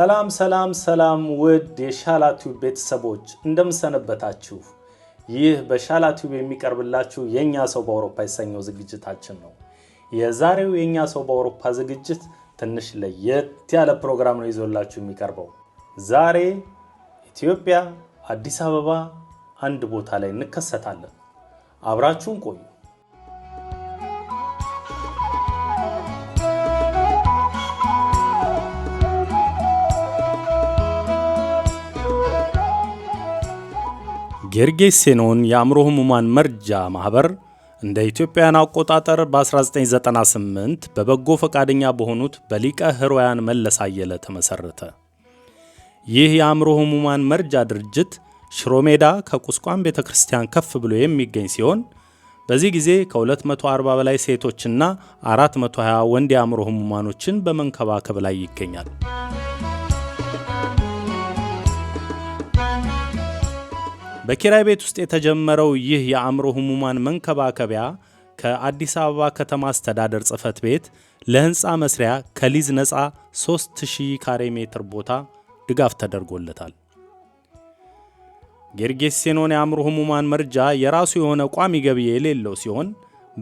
ሰላም ሰላም ሰላም ውድ የሻላቲዩብ ቤተሰቦች እንደምሰነበታችሁ። ይህ በሻላቲዩብ የሚቀርብላችሁ የእኛ ሰው በአውሮፓ የሰኘው ዝግጅታችን ነው። የዛሬው የእኛ ሰው በአውሮፓ ዝግጅት ትንሽ ለየት ያለ ፕሮግራም ነው ይዞላችሁ የሚቀርበው። ዛሬ ኢትዮጵያ አዲስ አበባ አንድ ቦታ ላይ እንከሰታለን። አብራችሁን ቆዩ። ጌርጌሴኖን የአእምሮ ህሙማን መርጃ ማኅበር እንደ ኢትዮጵያውያን አቆጣጠር በ1998 በበጎ ፈቃደኛ በሆኑት በሊቀ ሕሩያን መለስ አየለ ተመሠረተ። ይህ የአእምሮ ህሙማን መርጃ ድርጅት ሽሮሜዳ ከቁስቋም ቤተ ክርስቲያን ከፍ ብሎ የሚገኝ ሲሆን በዚህ ጊዜ ከ240 በላይ ሴቶችና 420 ወንድ የአእምሮ ህሙማኖችን በመንከባከብ ላይ ይገኛል። በኪራይ ቤት ውስጥ የተጀመረው ይህ የአእምሮ ህሙማን መንከባከቢያ ከአዲስ አበባ ከተማ አስተዳደር ጽህፈት ቤት ለህንፃ መስሪያ ከሊዝ ነፃ 3000 ካሬ ሜትር ቦታ ድጋፍ ተደርጎለታል። ጌርጌሴኖን የአእምሮ ህሙማን መርጃ የራሱ የሆነ ቋሚ ገቢ የሌለው ሲሆን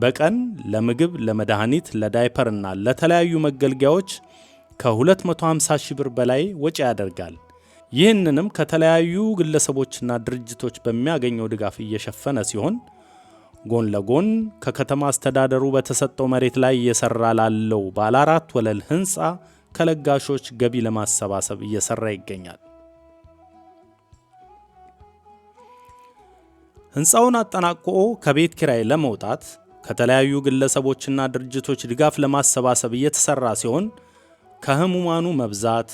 በቀን ለምግብ፣ ለመድኃኒት፣ ለዳይፐር እና ለተለያዩ መገልገያዎች ከ250 ሺህ ብር በላይ ወጪ ያደርጋል። ይህንንም ከተለያዩ ግለሰቦችና ድርጅቶች በሚያገኘው ድጋፍ እየሸፈነ ሲሆን ጎን ለጎን ከከተማ አስተዳደሩ በተሰጠው መሬት ላይ እየሰራ ላለው ባለ አራት ወለል ህንፃ ከለጋሾች ገቢ ለማሰባሰብ እየሰራ ይገኛል። ህንፃውን አጠናቆ ከቤት ኪራይ ለመውጣት ከተለያዩ ግለሰቦችና ድርጅቶች ድጋፍ ለማሰባሰብ እየተሰራ ሲሆን ከህሙማኑ መብዛት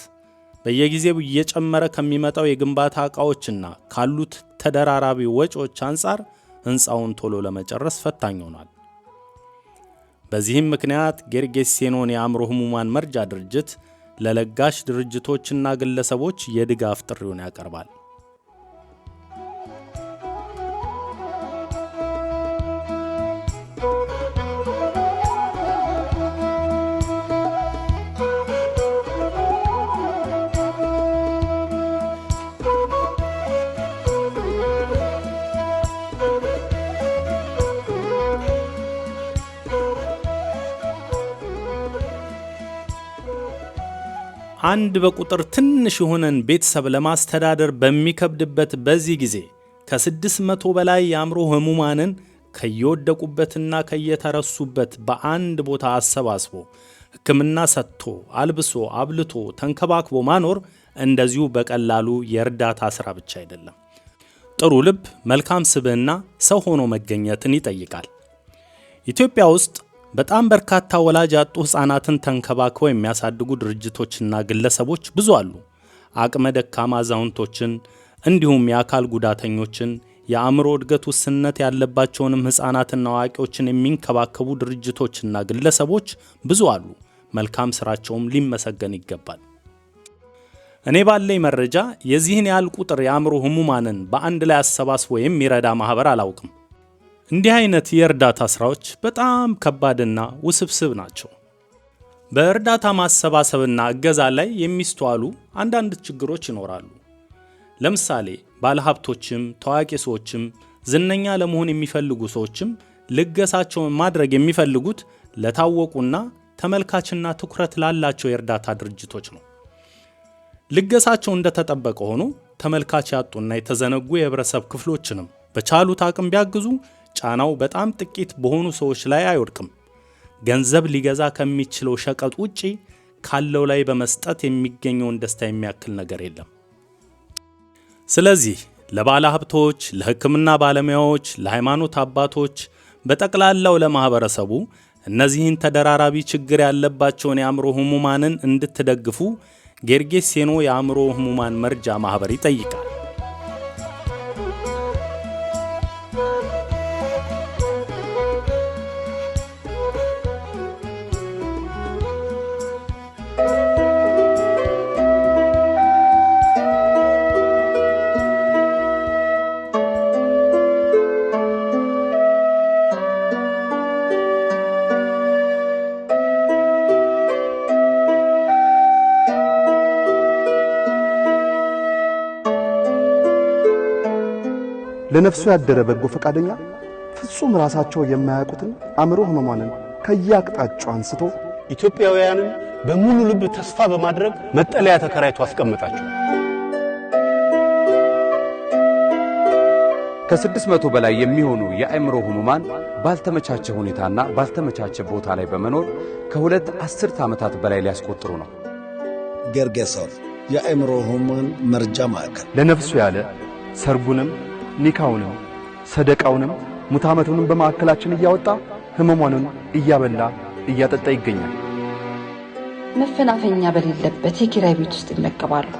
በየጊዜው እየጨመረ ከሚመጣው የግንባታ እቃዎችና ካሉት ተደራራቢ ወጪዎች አንጻር ሕንፃውን ቶሎ ለመጨረስ ፈታኝ ሆኗል። በዚህም ምክንያት ጌርጌሴኖን የአእምሮ ህሙማን መርጃ ድርጅት ለለጋሽ ድርጅቶችና ግለሰቦች የድጋፍ ጥሪውን ያቀርባል። አንድ በቁጥር ትንሽ የሆነን ቤተሰብ ለማስተዳደር በሚከብድበት በዚህ ጊዜ ከ መቶ በላይ የአእምሮ ህሙማንን ከየወደቁበትና ከየተረሱበት በአንድ ቦታ አሰባስቦ ሕክምና ሰጥቶ አልብሶ አብልቶ ተንከባክቦ ማኖር እንደዚሁ በቀላሉ የእርዳታ ሥራ ብቻ አይደለም። ጥሩ ልብ፣ መልካም ስብዕና፣ ሰው ሆኖ መገኘትን ይጠይቃል። ኢትዮጵያ ውስጥ በጣም በርካታ ወላጅ ያጡ ሕፃናትን ተንከባክበው የሚያሳድጉ ድርጅቶችና ግለሰቦች ብዙ አሉ። አቅመ ደካማ አዛውንቶችን እንዲሁም የአካል ጉዳተኞችን የአእምሮ እድገት ውስንነት ያለባቸውንም ሕፃናትና አዋቂዎችን የሚንከባከቡ ድርጅቶችና ግለሰቦች ብዙ አሉ። መልካም ስራቸውም ሊመሰገን ይገባል። እኔ ባለኝ መረጃ የዚህን ያህል ቁጥር የአእምሮ ህሙማንን በአንድ ላይ አሰባስቦ የሚረዳ ማኅበር አላውቅም። እንዲህ አይነት የእርዳታ ስራዎች በጣም ከባድና ውስብስብ ናቸው። በእርዳታ ማሰባሰብና እገዛ ላይ የሚስተዋሉ አንዳንድ ችግሮች ይኖራሉ። ለምሳሌ ባለሀብቶችም ታዋቂ ሰዎችም ዝነኛ ለመሆን የሚፈልጉ ሰዎችም ልገሳቸውን ማድረግ የሚፈልጉት ለታወቁና ተመልካችና ትኩረት ላላቸው የእርዳታ ድርጅቶች ነው። ልገሳቸው እንደተጠበቀ ሆኖ ተመልካች ያጡና የተዘነጉ የህብረተሰብ ክፍሎችንም በቻሉት አቅም ቢያግዙ ጫናው በጣም ጥቂት በሆኑ ሰዎች ላይ አይወድቅም። ገንዘብ ሊገዛ ከሚችለው ሸቀጥ ውጪ ካለው ላይ በመስጠት የሚገኘውን ደስታ የሚያክል ነገር የለም። ስለዚህ ለባለ ሀብቶች፣ ለሕክምና ባለሙያዎች፣ ለሃይማኖት አባቶች፣ በጠቅላላው ለማኅበረሰቡ እነዚህን ተደራራቢ ችግር ያለባቸውን የአእምሮ ህሙማንን እንድትደግፉ ጌርጌሴኖ የአእምሮ ህሙማን መርጃ ማኅበር ይጠይቃል። በነፍሱ ያደረ በጎ ፈቃደኛ ፍጹም ራሳቸው የማያውቁትን አእምሮ ህመሟንን ከየአቅጣጫው አንስቶ ኢትዮጵያውያንን በሙሉ ልብ ተስፋ በማድረግ መጠለያ ተከራይቶ አስቀምጣቸው። ከስድስት መቶ በላይ የሚሆኑ የአእምሮ ህሙማን ባልተመቻቸ ሁኔታና ባልተመቻቸ ቦታ ላይ በመኖር ከሁለት አስርት ዓመታት በላይ ሊያስቆጥሩ ነው። ጌርጌ የአእምሮ ህሙማን መርጃ ማዕከል ለነፍሱ ያለ ሰርጉንም ኒካውንም ሰደቃውንም ሙታመቱንም በማዕከላችን እያወጣ ህመሟንን እያበላ እያጠጣ ይገኛል። መፈናፈኛ በሌለበት የኪራይ ቤት ውስጥ ይመገባሉ።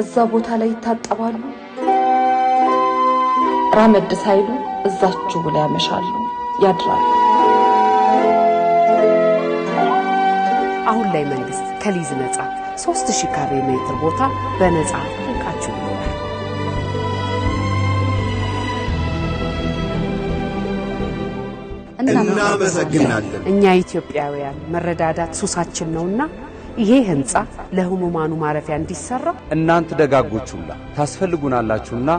እዛ ቦታ ላይ ይታጠባሉ። ራመድ ሳይሉ እዛችሁ ላይ ያመሻሉ፣ ያድራሉ። አሁን ላይ መንግስት ከሊዝ ነጻ 3000 ካሬ ሜትር ቦታ በነፃ ተንቃችሁ እናመሰግናለን። እኛ ኢትዮጵያውያን መረዳዳት ሱሳችን ነውና ይሄ ህንፃ ለህሙማኑ ማረፊያ እንዲሰራ እናንተ ደጋጎቹላ ታስፈልጉናላችሁና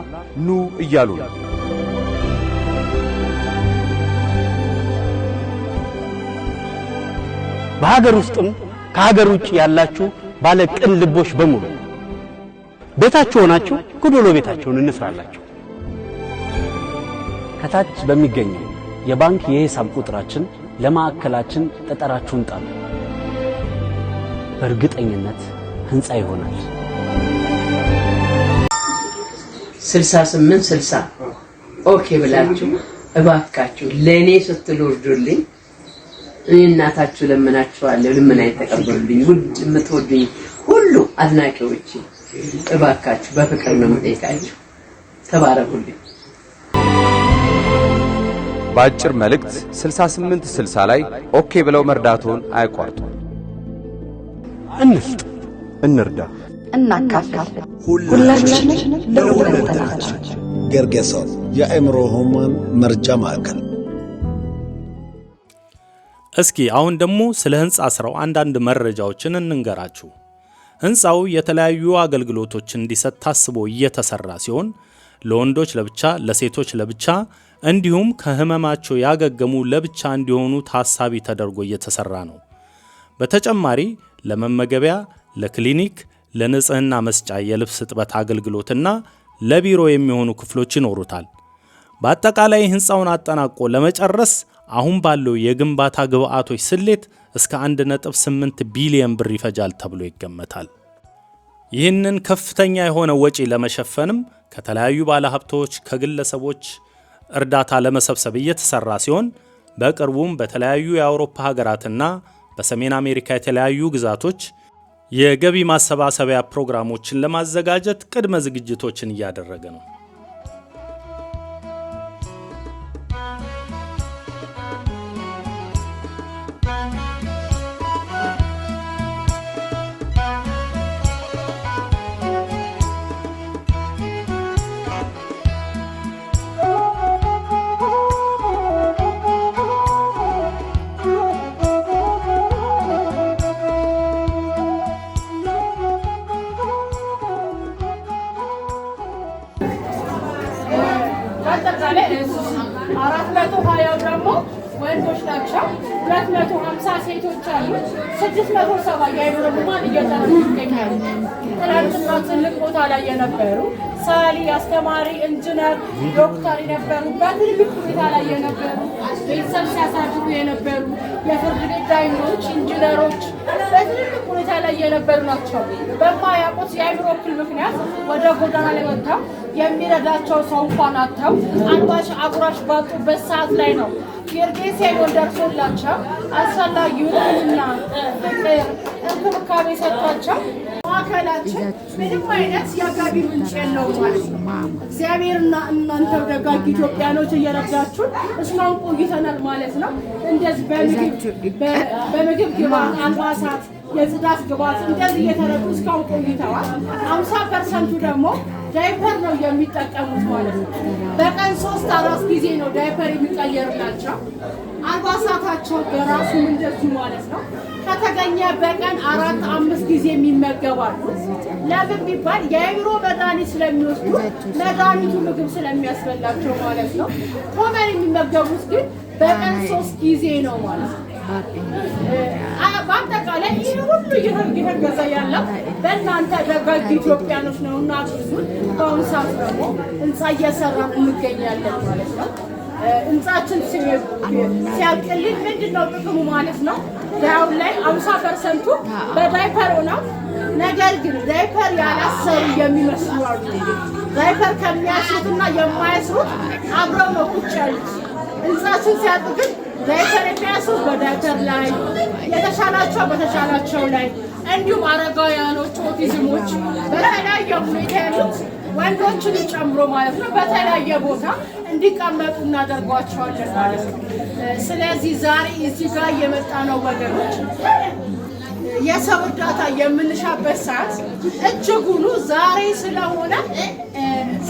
ኑ እያሉ ነው። በሀገር ውስጥም ከሀገር ውጭ ያላችሁ ባለ ቅን ልቦች በሙሉ ቤታችሁ ሆናችሁ ጎዶሎ ቤታችሁን እንስራላችሁ። ከታች በሚገኘው የባንክ የሂሳብ ቁጥራችን ለማዕከላችን ጠጠራችሁን ጣሉ። በእርግጠኝነት ህንፃ ይሆናል። 68 60 ኦኬ ብላችሁ እባካችሁ ለእኔ ስትሉ እኔ እናታችሁ ለምናችኋለሁ፣ ልመና የተቀበሉልኝ ውድ የምትወዱኝ ሁሉ አድናቂዎች እባካችሁ በፍቅር ነው የምጠይቃችሁ። ተባረኩልኝ። በአጭር መልእክት 68 60 ላይ ኦኬ ብለው መርዳቱን አይቋርጡ። እንስጥ፣ እንርዳ፣ እናካፍል። ሁላችን ለሁለንተናችን ገርጌሶን የአእምሮ ህሙማን መርጃ ማዕከል እስኪ አሁን ደግሞ ስለ ህንፃ ስራው አንዳንድ መረጃዎችን እንንገራችሁ። ህንፃው የተለያዩ አገልግሎቶች እንዲሰጥ ታስቦ እየተሰራ ሲሆን ለወንዶች ለብቻ፣ ለሴቶች ለብቻ እንዲሁም ከህመማቸው ያገገሙ ለብቻ እንዲሆኑ ታሳቢ ተደርጎ እየተሰራ ነው። በተጨማሪ ለመመገቢያ፣ ለክሊኒክ፣ ለንጽህና መስጫ የልብስ እጥበት አገልግሎትና ለቢሮ የሚሆኑ ክፍሎች ይኖሩታል። በአጠቃላይ ህንፃውን አጠናቆ ለመጨረስ አሁን ባለው የግንባታ ግብዓቶች ስሌት እስከ 1.8 ቢሊዮን ብር ይፈጃል ተብሎ ይገመታል። ይህንን ከፍተኛ የሆነ ወጪ ለመሸፈንም ከተለያዩ ባለሀብቶች፣ ከግለሰቦች እርዳታ ለመሰብሰብ እየተሰራ ሲሆን በቅርቡም በተለያዩ የአውሮፓ ሀገራትና በሰሜን አሜሪካ የተለያዩ ግዛቶች የገቢ ማሰባሰቢያ ፕሮግራሞችን ለማዘጋጀት ቅድመ ዝግጅቶችን እያደረገ ነው። አራት መቶ ሀያው ደግሞ ወንዶች ናቸው። ሁለት መቶ ሀምሳ ሴቶች አሉ። ስድስት መቶ ሰባ የአእምሮ ሕሙማን እየጠሩ ይገኛሉ። ትናንትና ትልቅ ቦታ ላይ የነበሩ ሳሊ፣ አስተማሪ፣ ኢንጂነር፣ ዶክተር የነበሩ በትልቅ ሁኔታ ላይ የነበሩ ቤተሰብ ሲያሳድሩ የነበሩ የፍርድ ቤት ዳኞች፣ ኢንጂነሮች የተለየ ነበር ናቸው። በማያውቁት የአእምሮ እክል ምክንያት ወደ ጎዳና ላይ ወጥተው የሚረዳቸው ሰው እንኳን አጥተው አልባሽ አጉራሽ ባጡበት ሰዓት ላይ ነው ጌርጌሴ ሆን ደርሶላቸው አስፈላጊውን ሕክምና፣ እንክብካቤ ሰጥቷቸው ማዕከላችን ምንም አይነት የገቢ ምንጭ የለውም ማለት ነው። እግዚአብሔርና እናንተ ደጋግ ኢትዮጵያኖች እየረዳችሁ እስካሁን ቆይተናል ማለት ነው። እንደዚህ በምግብ በምግብ ግባ አልባሳት የጽዳት ግባት እንደዚህ እየተረዱ እስካሁን ቆይተዋል። አምሳ ፐርሰንቱ ደግሞ ዳይፐር ነው የሚጠቀሙት ማለት ነው። በቀን ሶስት አራት ጊዜ ነው ዳይፐር የሚቀየርላቸው። አልባሳታቸው በራሱ እንደዚሁ ማለት ነው። ከተገኘ በቀን አራት አምስት ጊዜ የሚመገባሉ። ለምን ቢባል የአእምሮ መድኃኒት ስለሚወስዱ መድኃኒቱ ምግብ ስለሚያስበላቸው ማለት ነው። ሆመን የሚመገቡት ግን በቀን ሶስት ጊዜ ነው ማለት ነው። በኋላ ይህ ሁሉ እየተገዛ ያለው በእናንተ ደጋግ ኢትዮጵያኖች ነው እና በአሁኑ ሰዓት ደግሞ ህንፃ እየሰራን እንገኛለን ማለት ነው። ህንፃችን ሲያልቅልን ምንድን ነው ጥቅሙ ማለት ነው? አሁን ላይ አምሳ ፐርሰንቱ በዳይፐሩ ነው። ነገር ግን ዳይፐር ያላሰሩ የሚመስሉ አሉ። ዳይፐር ከሚያስሩትና የማያስሩት አብረው ነው ቁጭ ያሉት። ህንፃችን ሲያልቅ ግን በኢኮኖሚ ሱስ በዳይፐር ላይ የተሻላቸው በተሻላቸው ላይ እንዲሁም አረጋውያኖች፣ ኦቲዝሞች በተለያየ ሁኔታ ያሉት ወንዶችን ጨምሮ ማለት ነው በተለያየ ቦታ እንዲቀመጡ እናደርጓቸዋለን ማለት ነው። ስለዚህ ዛሬ እዚህ ጋር እየመጣ ነው ወገኖች የሰው እርዳታ የምንሻበት ሰዓት እጅጉኑ ዛሬ ስለሆነ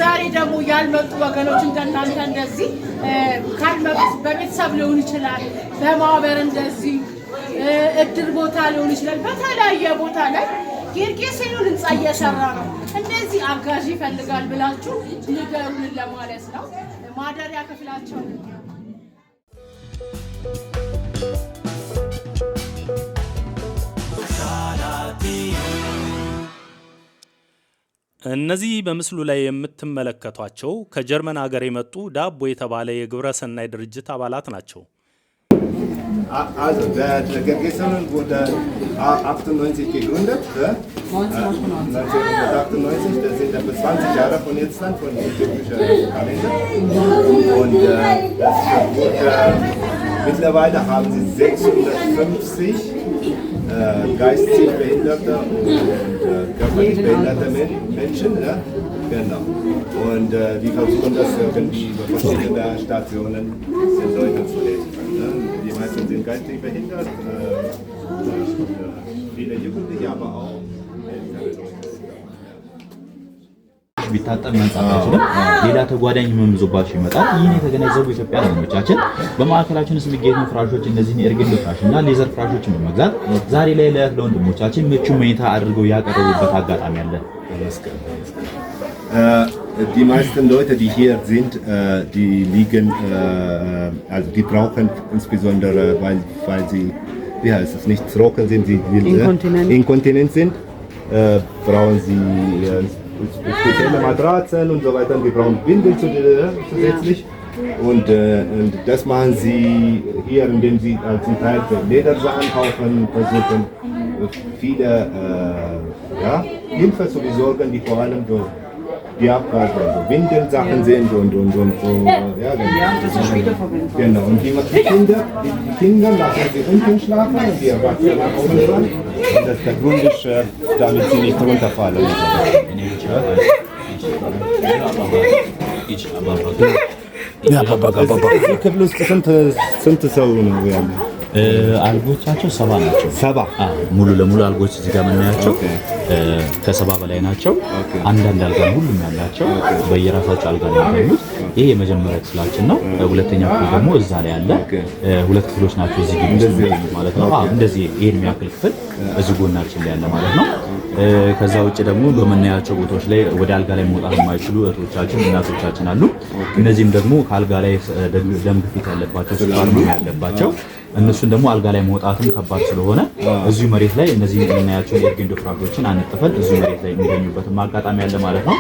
ዛሬ ደግሞ ያልመጡ ወገኖች እንደናንተ እንደዚህ ካልመጡ በቤተሰብ ሊሆን ይችላል፣ በማህበር እንደዚህ እድር ቦታ ሊሆን ይችላል። በተለያየ ቦታ ላይ ጌርጌሴኑን ህንፃ እየሰራ ነው። እንደዚህ አጋዥ ይፈልጋል ብላችሁ ንገሩን ለማለት ነው። ማደሪያ ክፍላቸው እነዚህ በምስሉ ላይ የምትመለከቷቸው ከጀርመን ሀገር የመጡ ዳቦ የተባለ የግብረ ሰናይ ድርጅት አባላት ናቸው። äh, geistig behinderte und äh, körperlich genau. behinderte Menschen. Ne? Genau. Und äh, wir versuchen das irgendwie über verschiedene Stationen den Leuten zu helfen. Ne? Die meisten sind geistig behindert, äh, und, äh, viele Jugendliche aber auch. ቢታጠብ መንጻት አይችልም። ሌላ ተጓዳኝ ህመም ይዞባቸው ይመጣል። ይህን የተገነዘቡ ኢትዮጵያ ወገኖቻችን በማዕከላችን ውስጥ የሚገኙ ፍራሾች እነዚህን የእርግን ፍራሽ እና ሌዘር ፍራሾችን በመግዛት ዛሬ ላይ ለእህት ለወንድሞቻችን ምቹ መኝታ አድርገው ያቀረቡበት አጋጣሚ አለ። Die meisten Leute, die hier sind, die liegen, also die brauchen insbesondere, weil, weil sie, wie heißt es, nicht trocken sind, sie inkontinent, inkontinent sind, brauchen sie spezielle Matratzen und so weiter. Wir brauchen Windeln zusätzlich. Und, äh, und, das machen sie hier, indem sie äh, zum Teil Ledersachen kaufen, versuchen äh, viele äh, ja, Hilfe zu besorgen, die vor allem durch wir haben also Windelsachen ja. sind und und und so. Ja, genau. ja das ist später verwendet. Genau, und die, die, Kinder, die, die Kinder lassen sie unten schlafen und die Erwachsenen oben dran. Und das ist der Grund, ist, damit sie nicht runterfallen. Ja, aber Papa, Papa. Ich habe bloß bestimmte äh, Saunen werden. አልጎቻቸው ሰባ ናቸው። ሰባ ሙሉ ለሙሉ አልጎች እዚህ ጋር የምናያቸው ከሰባ በላይ ናቸው። አንዳንድ አልጋ ሁሉም ያላቸው በየራሳቸው አልጋ ላይ ያሉት። ይህ የመጀመሪያ ክፍላችን ነው። ሁለተኛ ክፍል ደግሞ እዛ ላይ ያለ ሁለት ክፍሎች ናቸው እዚህ ማለት ነው። እንደዚህ ይህን የሚያክል ክፍል እዚህ ጎናችን ላይ ያለ ማለት ነው። ከዛ ውጭ ደግሞ በምናያቸው ቦታዎች ላይ ወደ አልጋ ላይ መውጣት የማይችሉ እህቶቻችን፣ እናቶቻችን አሉ። እነዚህም ደግሞ ከአልጋ ላይ ደም ግፊት ያለባቸው፣ ያለባቸው እነሱን ደግሞ አልጋ ላይ መውጣትም ከባድ ስለሆነ እዚሁ መሬት ላይ እነዚህ የምናያቸው የእርጌንዶ ፍራጎችን አነጥፈን እዚሁ መሬት ላይ የሚገኙበትም አጋጣሚ አለ ማለት ነው።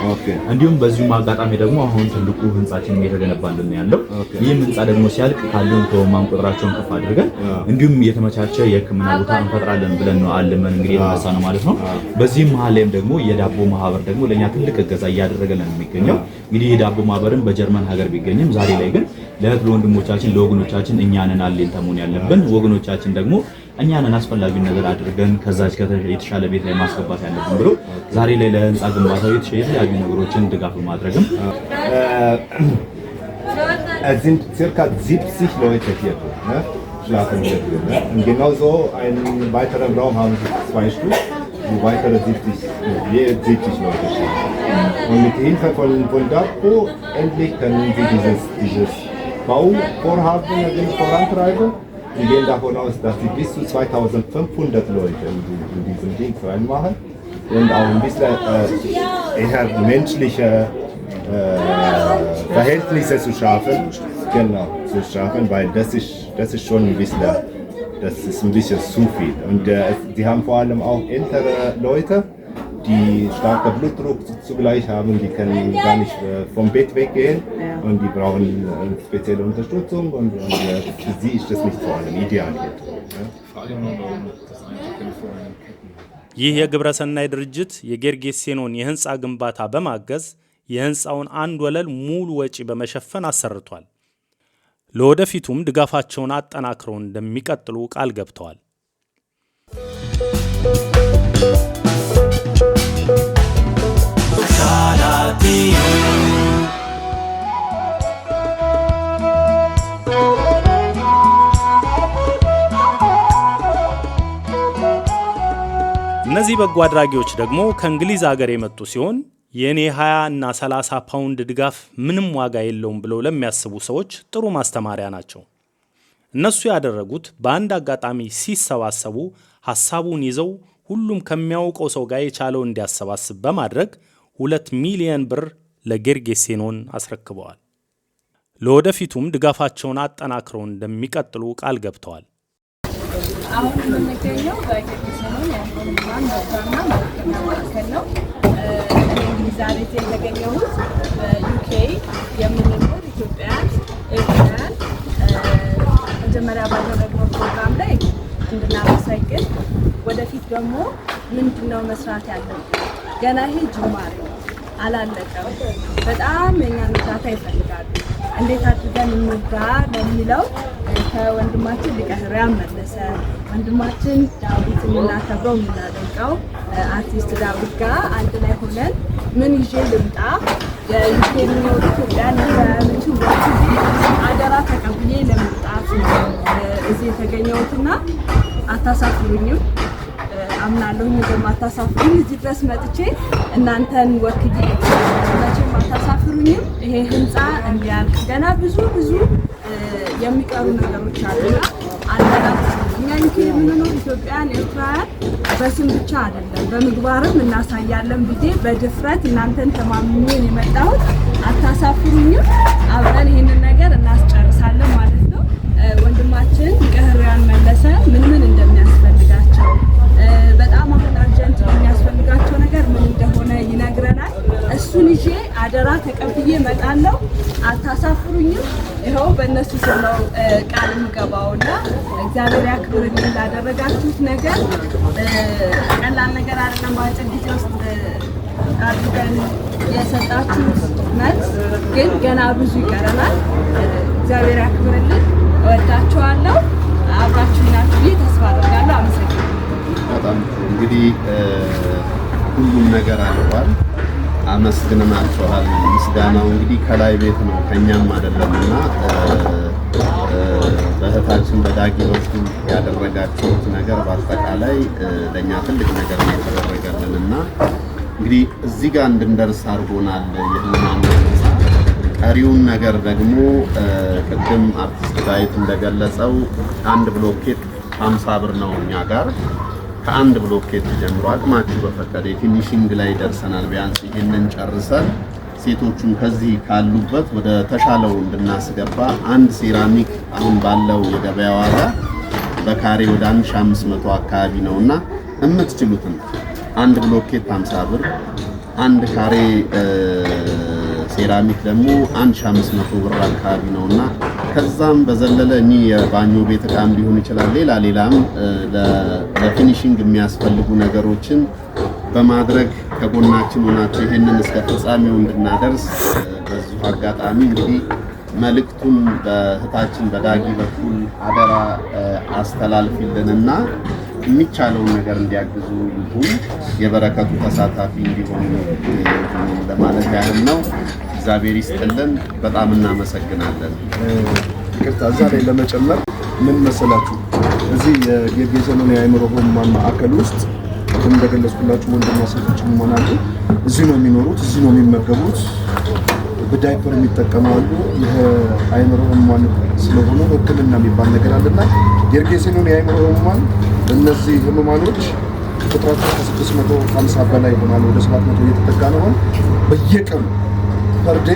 እንዲሁም በዚሁ አጋጣሚ ደግሞ አሁን ትልቁ ህንጻችን እየተገነባ ነው ያለው። ይህም ህንጻ ደግሞ ሲያልቅ ካሉን ከወማም ቁጥራቸውን ከፍ አድርገን እንዲሁም የተመቻቸ የህክምና ቦታ እንፈጥራለን ብለን ነው አልመን እንግዲህ የተነሳ ነው ማለት ነው። በዚህም መሀል ላይም ደግሞ የዳቦ ማህበር ደግሞ ለእኛ ትልቅ እገዛ እያደረገ ነው የሚገኘው። እንግዲህ የዳቦ ማህበርን በጀርመን ሀገር ቢገኝም ዛሬ ላይ ግን ለእህት ለወንድሞቻችን ለወገኖቻችን እኛንን አለኝታ መሆን ያለብን ወገኖቻችን ደግሞ እኛንን አስፈላጊውን ነገር አድርገን ከዛች የተሻለ ቤት ላይ ማስገባት ያለብን ብሎ ዛሬ ላይ ለህንፃ ግንባታው የተለያዩ ነገሮችን ድጋፍ በማድረግም es sind circa 70 Leute hier drin, ne? schlafen hier drin. Ne? Und genauso einen weiteren Raum haben sie zwei Stück, wo weitere 70, je 70 Leute schlafen. Und mit Hilfe von, von DAPO endlich können sie dieses, dieses Bauvorhaben vorantreiben. Wir gehen davon aus, dass sie bis zu 2500 Leute in, in diesem Ding reinmachen und auch ein bisschen äh, eher menschliche äh, Verhältnisse zu schaffen. Genau, zu schaffen, weil das ist, das ist schon ein bisschen, das ist ein bisschen zu viel. Und äh, die haben vor allem auch ältere Leute, die starke Blutdruck zugleich haben, die können gar nicht vom Bett weggehen ja. und die brauchen eine spezielle Unterstützung und, und ja, für sie ist das nicht vor allem ideal hier. Frage nur, warum das eigentlich Telefon ይህ የግብረሰናይ ድርጅት የጌርጌሴኖን የህንፃ ግንባታ በማገዝ የህንፃውን አንድ ወለል ሙሉ ወጪ በመሸፈን አሰርቷል። ለወደፊቱም ድጋፋቸውን አጠናክረው እንደሚቀጥሉ ቃል ገብተዋል። እነዚህ በጎ አድራጊዎች ደግሞ ከእንግሊዝ ሀገር የመጡ ሲሆን የእኔ 20 እና 30 ፓውንድ ድጋፍ ምንም ዋጋ የለውም ብለው ለሚያስቡ ሰዎች ጥሩ ማስተማሪያ ናቸው። እነሱ ያደረጉት በአንድ አጋጣሚ ሲሰባሰቡ ሐሳቡን ይዘው ሁሉም ከሚያውቀው ሰው ጋር የቻለው እንዲያሰባስብ በማድረግ ሁለት ሚሊየን ብር ለጌርጌሴኖን አስረክበዋል። ለወደፊቱም ድጋፋቸውን አጠናክረው እንደሚቀጥሉ ቃል ገብተዋል። አሁን የምንገኘው በጌርጌሴኖን ያለውን መርጃና ማዕከል ማዕከል ነው። እንግዲህ ዛሬ የተገኘሁት በዩኬ የምንኖር ኢትዮጵያን ኤርትራያን መጀመሪያ ባደረግነው ፕሮግራም ላይ እንድናመሰግን ወደፊት ደግሞ ምንድነው መስራት ያለብን ገና ይሄ ጅማሬ አላለቀም። በጣም የእኛን እርዳታ ይፈልጋሉ። እንዴት አድርገን እንርዳ ለሚለው ከወንድማችን ሊቀ ያመለሰ ወንድማችን ዳዊት የምናከብረው የምናደንቀው አርቲስት ዳዊት ጋር አንድ ላይ ሆነን ምን ይዤ ልምጣ የዩኬ የሚኖሩ ኢትዮጵያን ያሉት አደራ ተቀብዬ ለመምጣት እዚህ የተገኘሁትና አታሳፍሩኝም አምናለሁ። እንደማታሳፍሩኝ እዚህ ድረስ መጥቼ እናንተን ወክዬ መቼም አታሳፍሩኝም። ይሄ ህንፃ እንዲያልቅ ገና ብዙ ብዙ የሚቀሩ ነገሮች አሉና እኛ የምንኖር ኢትዮጵያን፣ ኤርትራውያን በስም ብቻ አይደለም በምግባርም እናሳያለን ብዬ በድፍረት እናንተን ተማምኜን የመጣሁት አታሳፍሩኝም። አብረን ይህንን ነገር እናስጨርሳለን ማለት ነው። ወንድማችን ቀህሪያን መለሰ ምን ምን እንደሚያስ የምፈልጋቸው ነገር ምን እንደሆነ ይነግረናል። እሱን ይዤ አደራ ተቀብዬ እመጣለሁ። አታሳፍሩኝም። ይኸው በእነሱ ስም ነው ቃል የምገባውና እግዚአብሔር ያክብርልኝ ላደረጋችሁት ነገር። ቀላል ነገር አይደለም። በአጭር ጊዜ ውስጥ አድርገን የሰጣችሁት መልስ ግን ገና ብዙ ይቀረናል። እግዚአብሔር ሁሉም ነገር አልቋል። አመስግነናቸዋል። ምስጋናው እንግዲህ ከላይ ቤት ነው ከእኛም አይደለም እና በእህታችን በዳጊ በኩል ያደረጋችሁት ነገር በአጠቃላይ ለእኛ ትልቅ ነገር ነው የተደረገልን እና እንግዲህ እዚህ ጋር እንድንደርስ አድርጎናል። ቀሪውን ነገር ደግሞ ቅድም አርቲስት ዳዊት እንደገለጸው አንድ ብሎኬት ሀምሳ ብር ነው እኛ ጋር ከአንድ ብሎኬት ጀምሮ አቅማችሁ በፈቀደ የፊኒሽንግ ላይ ደርሰናል። ቢያንስ ይህንን ጨርሰን ሴቶቹን ከዚህ ካሉበት ወደ ተሻለው እንድናስገባ አንድ ሴራሚክ አሁን ባለው የገበያ ዋጋ በካሬ ወደ 1500 አካባቢ እና የምትችሉትን አንድ ብሎኬት 50 ብር፣ አንድ ካሬ ሴራሚክ ደግሞ 1500 ብር አካባቢ ነውና ከዛም በዘለለ እኚህ የባኞ ቤት እቃም ሊሆን ይችላል። ሌላ ሌላም ለፊኒሽንግ የሚያስፈልጉ ነገሮችን በማድረግ ከጎናችን ሆናችሁ ይህንን እስከ ፍጻሜው እንድናደርስ በዚሁ አጋጣሚ እንግዲህ መልእክቱን በእህታችን በዳጊ በኩል አደራ አስተላልፊልንና የሚቻለውን ነገር እንዲያግዙ ይሁን የበረከቱ ተሳታፊ እንዲሆኑ ለማለት ያህል ነው። እግዚአብሔር ይስጥልን። በጣም እናመሰግናለን። ይቅርታ እዛ ላይ ለመጨመር ምን መሰላችሁ፣ እዚህ የጌዘመን የአእምሮ ሕሙማን ማዕከል ውስጥ እንደገለጽኩላችሁ ወንድና ሴቶች መሆናሉ። እዚህ ነው የሚኖሩት፣ እዚህ ነው የሚመገቡት፣ በዳይፐር የሚጠቀማሉ። ይህ አእምሮ ሕሙማን ስለሆነ ህክምና የሚባል ነገር አለና ጌርጌሴኖን የአእምሮ ሕሙማን እነዚህ ህሙማኖች ቁጥራቸው ከ650 በላይ ሆኗል። ወደ 700 እየተጠጋ ነው። በየቀኑ ፐርዴ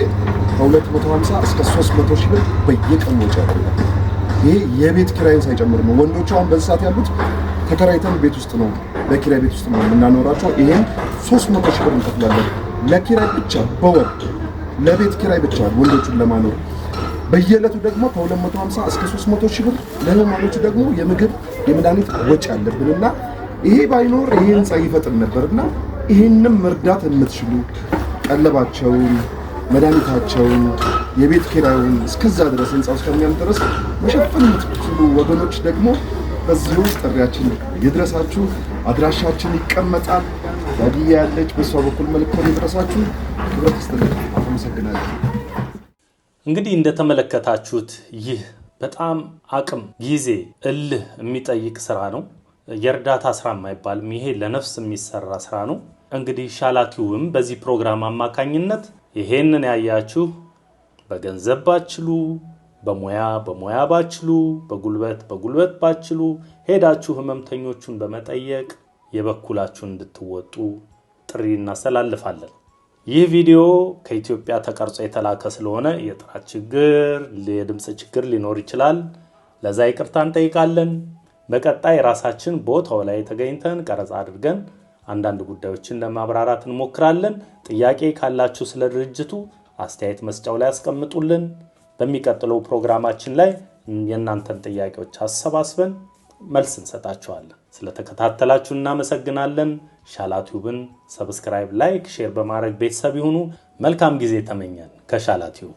ከ250 እስከ 300 ሺህ ብር በየቀኑ ወጪ ያደርጋል። ይሄ የቤት ኪራይን ሳይጨምር ነው። ወንዶቹ አሁን በዚህ ሰዓት ያሉት ተከራይተን ቤት ውስጥ ነው፣ በኪራይ ቤት ውስጥ ነው የምናኖራቸው። ይሄን 300 ሺህ ብር እንከፍላለን ለኪራይ ብቻ በወር ለቤት ኪራይ ብቻ ወንዶቹን ለማኖር በየዕለቱ ደግሞ ከ250 እስከ 300 ሺህ ብር ለህሙማኖቹ ደግሞ የምግብ የመድኃኒት ወጪ አለብንና ይሄ ባይኖር ይሄ ህንፃ ይፈጥን ነበርና ይህንም መርዳት የምትችሉ ቀለባቸውን፣ መድኃኒታቸውን፣ የቤት ኪራዩን እስከዛ ድረስ ህንፃ እስከሚያም ድረስ መሸፈን የምትችሉ ወገኖች ደግሞ በዚሁ ጥሪያችን ይድረሳችሁ። አድራሻችን ይቀመጣል። ዳግያ ያለች በሷ በኩል መልእክቶን ይድረሳችሁ። ክብረት ይስጥልኝ። አመሰግናለሁ። እንግዲህ እንደተመለከታችሁት ይህ በጣም አቅም፣ ጊዜ፣ እልህ የሚጠይቅ ስራ ነው። የእርዳታ ስራ የማይባልም ይሄ ለነፍስ የሚሰራ ስራ ነው። እንግዲህ ሻላኪውም በዚህ ፕሮግራም አማካኝነት ይሄንን ያያችሁ በገንዘብ ባችሉ፣ በሙያ በሙያ ባችሉ፣ በጉልበት በጉልበት ባችሉ ሄዳችሁ ህመምተኞቹን በመጠየቅ የበኩላችሁን እንድትወጡ ጥሪ እናስተላልፋለን። ይህ ቪዲዮ ከኢትዮጵያ ተቀርጾ የተላከ ስለሆነ የጥራት ችግር፣ የድምፅ ችግር ሊኖር ይችላል። ለዛ ይቅርታ እንጠይቃለን። በቀጣይ ራሳችን ቦታው ላይ ተገኝተን ቀረጻ አድርገን አንዳንድ ጉዳዮችን ለማብራራት እንሞክራለን። ጥያቄ ካላችሁ ስለ ድርጅቱ አስተያየት መስጫው ላይ ያስቀምጡልን። በሚቀጥለው ፕሮግራማችን ላይ የእናንተን ጥያቄዎች አሰባስበን መልስ እንሰጣቸዋለን። ስለተከታተላችሁ እናመሰግናለን። ሻላቲዩብን ሰብስክራይብ፣ ላይክ፣ ሼር በማድረግ ቤተሰብ ይሁኑ። መልካም ጊዜ ተመኘን ከሻላቲዩብ